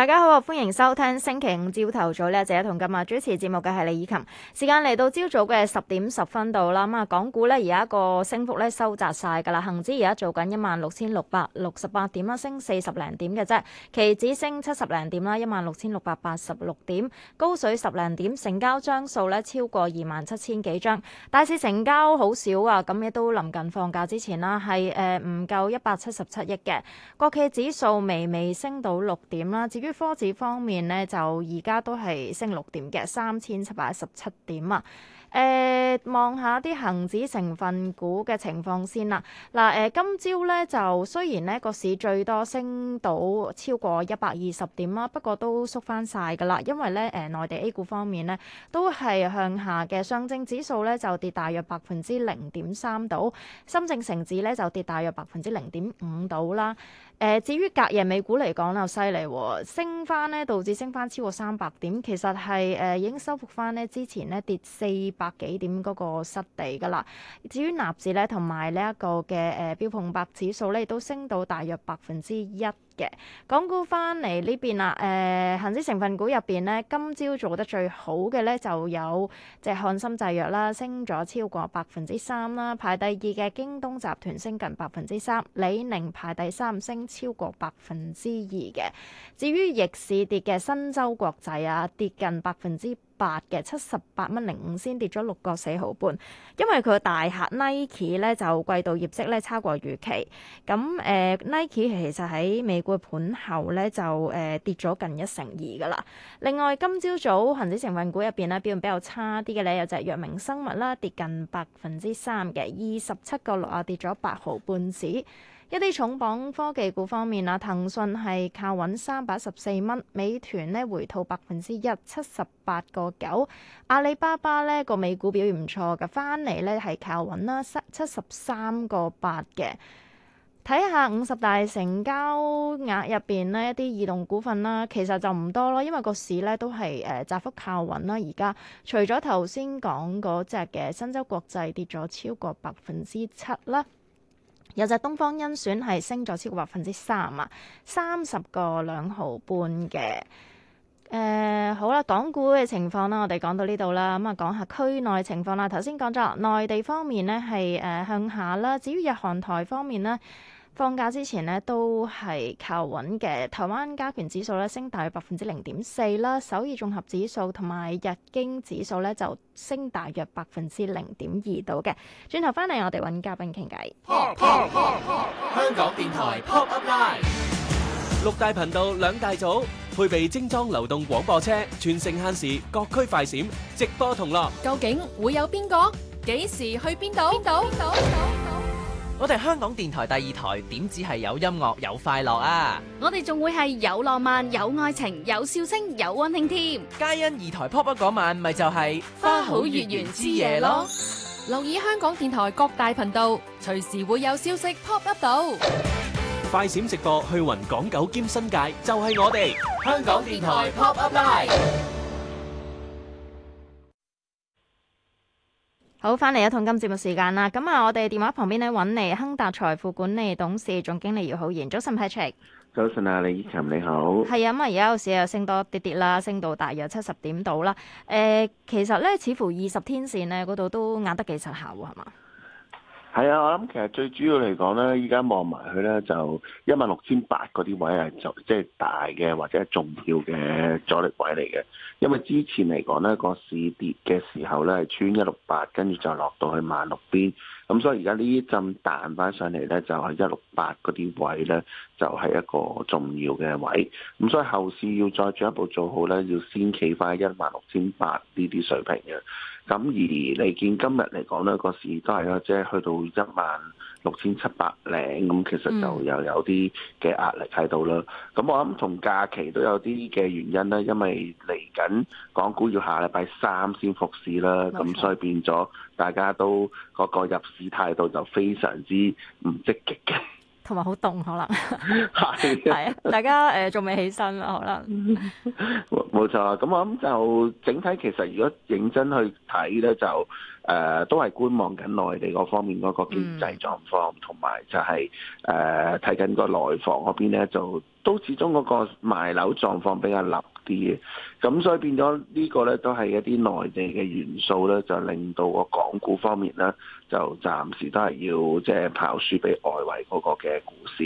大家好，歡迎收聽星期五朝頭早呢，阿姐同今日主持節目嘅係李以琴。時間嚟到朝早嘅十點十分度啦，咁啊，港股呢，而家個升幅咧收窄晒噶啦，恒指而家做緊一萬六千六百六十八點啦，升四十零點嘅啫，期指升七十零點啦，一萬六千六百八十六點，高水十零點，成交張數咧超過二萬七千幾張，大市成交好少啊，咁亦都臨近放假之前啦，係誒唔夠一百七十七億嘅，國企指數微微升到六點啦，至於。科指方面咧，就而家都係升六點嘅三千七百一十七點啊。誒望下啲恒指成分股嘅情況先啦。嗱、呃，誒今朝咧就雖然咧個市最多升到超過一百二十點啦，不過都縮翻晒㗎啦。因為咧誒內地 A 股方面咧都係向下嘅，上證指數咧就跌大約百分之零點三到，深證成指咧就跌大約百分之零點五到啦。誒、呃，至於隔夜美股嚟講又犀利喎，升翻咧導致升翻超過三百點，其實係誒、呃、已經收復翻咧之前咧跌四百幾點嗰個失地噶啦。至於納指咧，同埋呢一個嘅誒標普百指數咧，亦都升到大約百分之一。港股翻嚟呢邊啊，誒，恆生成份股入邊咧，今朝做得最好嘅咧就有即係漢森製藥啦，升咗超過百分之三啦，排第二嘅京東集團升近百分之三，李寧排第三升超過百分之二嘅。至於逆市跌嘅新洲國際啊，跌近百分之八嘅，七十八蚊零五先跌咗六個四毫半，因為佢嘅大客 Nike 咧就季度業績咧超過預期，咁誒 Nike 其實喺美國。匯盤後咧就誒、呃、跌咗近一成二噶啦。另外今朝早，早恒指成分股入邊咧表現比較差啲嘅咧有隻藥明生物啦，跌近百分之三嘅，二十七個六啊，跌咗八毫半子。一啲重磅科技股方面啊，騰訊係靠穩三百十四蚊，美團呢回吐百分之一七十八個九，阿里巴巴呢個美股表現唔錯㗎，翻嚟呢係靠穩啦，七十三個八嘅。睇下五十大成交額入面咧，一啲異動股份啦，其實就唔多咯，因為個市咧都係誒窄幅靠穩啦。而家除咗頭先講嗰隻嘅新洲國際跌咗超過百分之七啦，有隻東方甄選係升咗超過百分之三啊，三十個兩毫半嘅。誒、呃、好啦，港股嘅情況啦，我哋講到呢度啦，咁、嗯、啊講下區內情況啦。頭先講咗內地方面呢係誒、呃、向下啦，至於日韓台方面呢，放假之前呢都係靠穩嘅。台灣加權指數咧升大約百分之零點四啦，首爾綜合指數同埋日經指數咧就升大約百分之零點二度嘅。轉頭翻嚟，我哋搵嘉賓傾偈。香港電台 Pop Up Live 六大頻道兩大組。配備精裝流動廣播車，全城限時，各區快閃，直播同樂。究竟會有邊個？幾時去邊度？邊度？邊度？邊度？邊度？我哋香港電台第二台點止係有音樂，有快樂啊！我哋仲會係有浪漫，有愛情，有笑聲，有温馨添。皆因二台 pop up pop up 快閃直播去云港九兼新界，就係、是、我哋香港電台 Pop Up Live。好，翻嚟一趟今節目時間啦。咁啊，我哋電話旁邊呢，揾嚟，亨達財富管理董事總經理姚浩然。早晨 Patrick，早晨啊，李綺琴你好。係啊，咁啊，而家有市又升多跌跌啦，升到大約七十點度啦。誒、呃，其實咧，似乎二十天線咧嗰度都壓得幾實下係嘛。係啊，我諗其實最主要嚟講咧，依家望埋佢咧，就一萬六千八嗰啲位，係就即係、就是、大嘅或者重要嘅阻力位嚟嘅。因為之前嚟講咧，個市跌嘅時候咧，係穿一六八，跟住就落到去萬六邊。咁所以而家呢一陣彈翻上嚟咧，就係一六八嗰啲位咧，就係一個重要嘅位。咁所以後市要再進一步做好咧，要先企翻一萬六千八呢啲水平嘅。咁而你見今日嚟講咧，個市都係啦，即係去到一萬六千七百零，咁其實就又有啲嘅壓力喺度啦。咁我諗同假期都有啲嘅原因啦，因為嚟緊港股要下禮拜三先復市啦，咁所以變咗大家都個個入，態度就非常之唔積極嘅，同埋好凍可能，係啊，大家誒仲未起身咯，可能冇 錯啦。咁我諗就整體其實如果認真去睇咧，就誒、呃、都係觀望緊內地嗰方面嗰個經濟狀況，同埋、嗯、就係誒睇緊個內房嗰邊咧，就都始終嗰個賣樓狀況比較立。啲嘢，咁所以變咗呢個咧都係一啲內地嘅元素咧，就令到個港股方面咧，就暫時都係要即係跑輸俾外圍嗰個嘅股市。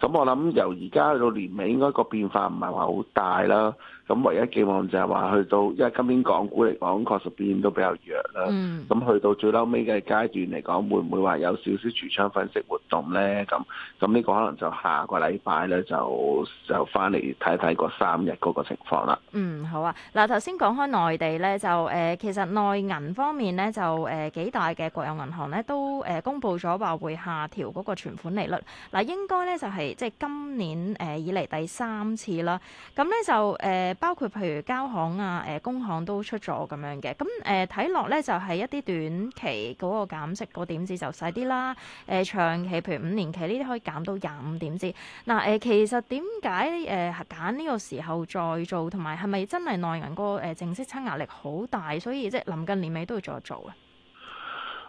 咁我諗由而家到年尾，應該個變化唔係話好大啦。咁唯一寄望就係話去到，因為今年港股嚟講確實表現都比較弱啦。嗯，咁去到最嬲尾嘅階段嚟講，會唔會話有少少櫥窗分析活動咧？咁咁呢個可能就下個禮拜咧，就就返嚟睇睇嗰三日嗰個情況啦。嗯，好啊。嗱，頭先講開內地咧，就誒其實內銀方面咧，就誒幾大嘅國有銀行咧都誒公佈咗話會下調嗰個存款利率。嗱，應該咧就係即係今年誒以嚟第三次啦。咁咧就誒。包括譬如交行啊、誒、呃、工行都出咗咁樣嘅，咁誒睇落咧就係一啲短期嗰個減息個點子就細啲啦，誒、呃、長期譬如五年期呢啲可以減到廿五點子。嗱、呃、誒，其實點解誒揀呢個時候再做，同埋係咪真係內銀個誒淨息差壓力好大，所以即係臨近年尾都要再做啊？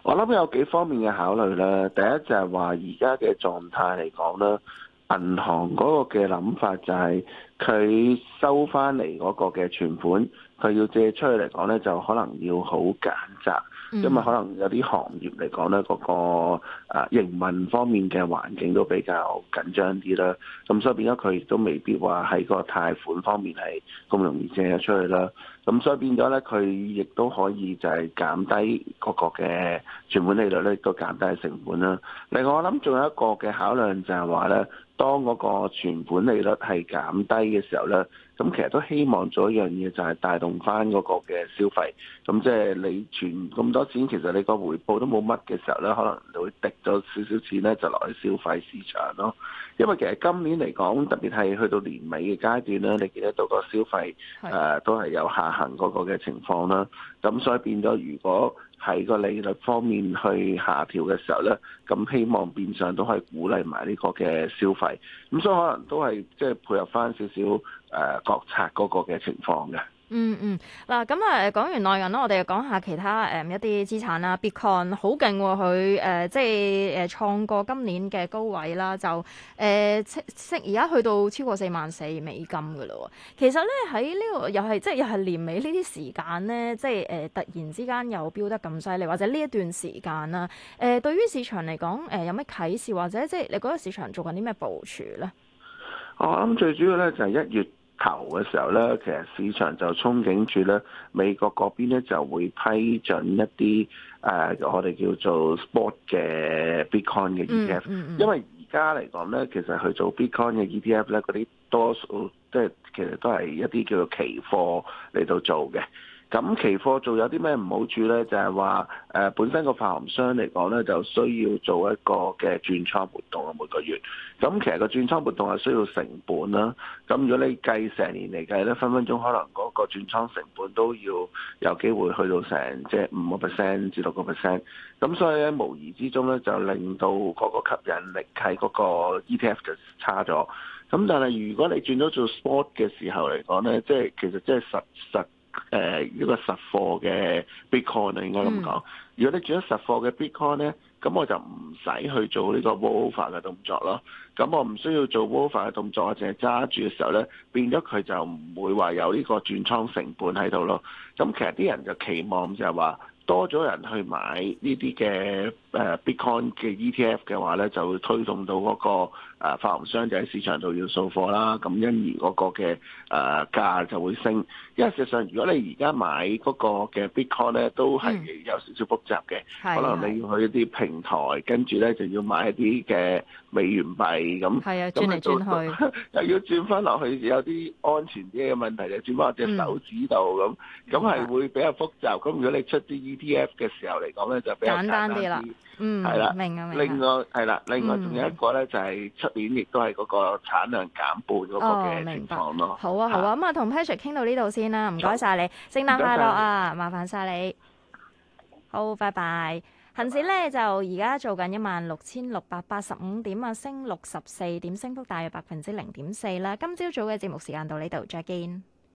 我諗有幾方面嘅考慮啦，第一就係話而家嘅狀態嚟講咧。銀行嗰個嘅諗法就係、是、佢收翻嚟嗰個嘅存款，佢要借出去嚟講咧，就可能要好緊窄，因為可能有啲行業嚟講咧，嗰、那個啊營運方面嘅環境都比較緊張啲啦。咁所以變咗佢亦都未必話喺個貸款方面係咁容易借咗出去啦。咁所以變咗咧，佢亦都可以就係減低嗰個嘅存款利率咧，都減低成本啦。另外我諗仲有一個嘅考量就係話咧。當嗰個存款利率係減低嘅時候咧，咁其實都希望做一樣嘢，就係帶動翻嗰個嘅消費。咁即係你存咁多錢，其實你個回報都冇乜嘅時候咧，可能你會滴咗少少錢咧，就落去消費市場咯。因為其實今年嚟講，特別係去到年尾嘅階段咧，你見得到個消費誒、呃、都係有下行嗰個嘅情況啦。咁所以變咗，如果喺個利率方面去下調嘅時候咧，咁希望變相都可以鼓勵埋呢個嘅消費，咁所以可能都係即係配合翻少少誒、呃、國策嗰個嘅情況嘅。嗯嗯，嗱咁啊，講完內銀啦，我哋又講下其他誒、嗯、一啲資產啦。Bitcoin 好勁，佢、呃、誒即係誒創過今年嘅高位啦，就誒即而家去到超過四萬四美金噶啦。其實咧喺呢、個又係即係又係年尾呢啲時間咧，即係誒、呃、突然之間又飆得咁犀利，或者呢一段時間啦，誒、呃、對於市場嚟講誒有咩啟示，或者即係你覺得市場做緊啲咩部署咧？我諗最主要咧就係一月頭嘅時候咧，其實市場就憧憬住咧，美國嗰邊咧就會批准一啲誒、呃，我哋叫做 spot 嘅 Bitcoin 嘅 ETF，mm hmm. 因為而家嚟講咧，其實去做 Bitcoin 嘅 ETF 咧，嗰啲多數即係其實都係一啲叫做期貨嚟到做嘅。咁期貨做有啲咩唔好處咧？就係話誒，本身個發行商嚟講咧，就需要做一個嘅轉倉活動啊，每個月。咁其實個轉倉活動係需要成本啦、啊。咁如果你計成年嚟計咧，分分鐘可能嗰個轉倉成本都要有機會去到成即係五個 percent 至六個 percent。咁所以咧，無疑之中咧，就令到嗰個吸引力喺嗰個 ETF 就差咗。咁但係如果你轉咗做 spot 嘅時候嚟講咧，即係其實即係實實。誒、呃、一個實貨嘅 Bitcoin 啊，應該咁講。如果你轉咗實貨嘅 Bitcoin 咧，咁我就唔使去做呢個 rollover 嘅動作咯。咁我唔需要做 rollover 嘅動作，我淨係揸住嘅時候咧，變咗佢就唔會話有呢個轉倉成本喺度咯。咁其實啲人就期望就係話，多咗人去買呢啲嘅誒 Bitcoin 嘅 ETF 嘅話咧，就會推動到嗰、那個誒、啊、發行商就喺市場度要掃貨啦，咁因而嗰個嘅誒、啊、價就會升。因為事實上，如果你而家買嗰個嘅 Bitcoin 咧，都係有少少複雜嘅，嗯、可能你要去一啲平台，的跟住咧就要買一啲嘅美元幣咁，咁就 轉嚟轉去又要轉翻落去有啲安全啲嘅問題，就轉翻落隻手指度咁，咁係、嗯嗯、會比較複雜。咁如果你出啲依 D.F. 嘅、嗯、時候嚟講咧，就比較簡單啲。嗯，係啦的。明啊明另外係啦，另外仲有一個咧，就係出年亦都係嗰個產量減半嗰個嘅情況咯、嗯。好啊好啊，咁啊同 Patrick 傾到呢度先啦，唔該晒你，聖誕快樂啊！謝謝麻煩晒你。好，拜拜。恆指咧就而家做緊一萬六千六百八十五點啊，升六十四點，升幅大約百分之零點四啦。今朝早嘅節目時間到呢度，再見。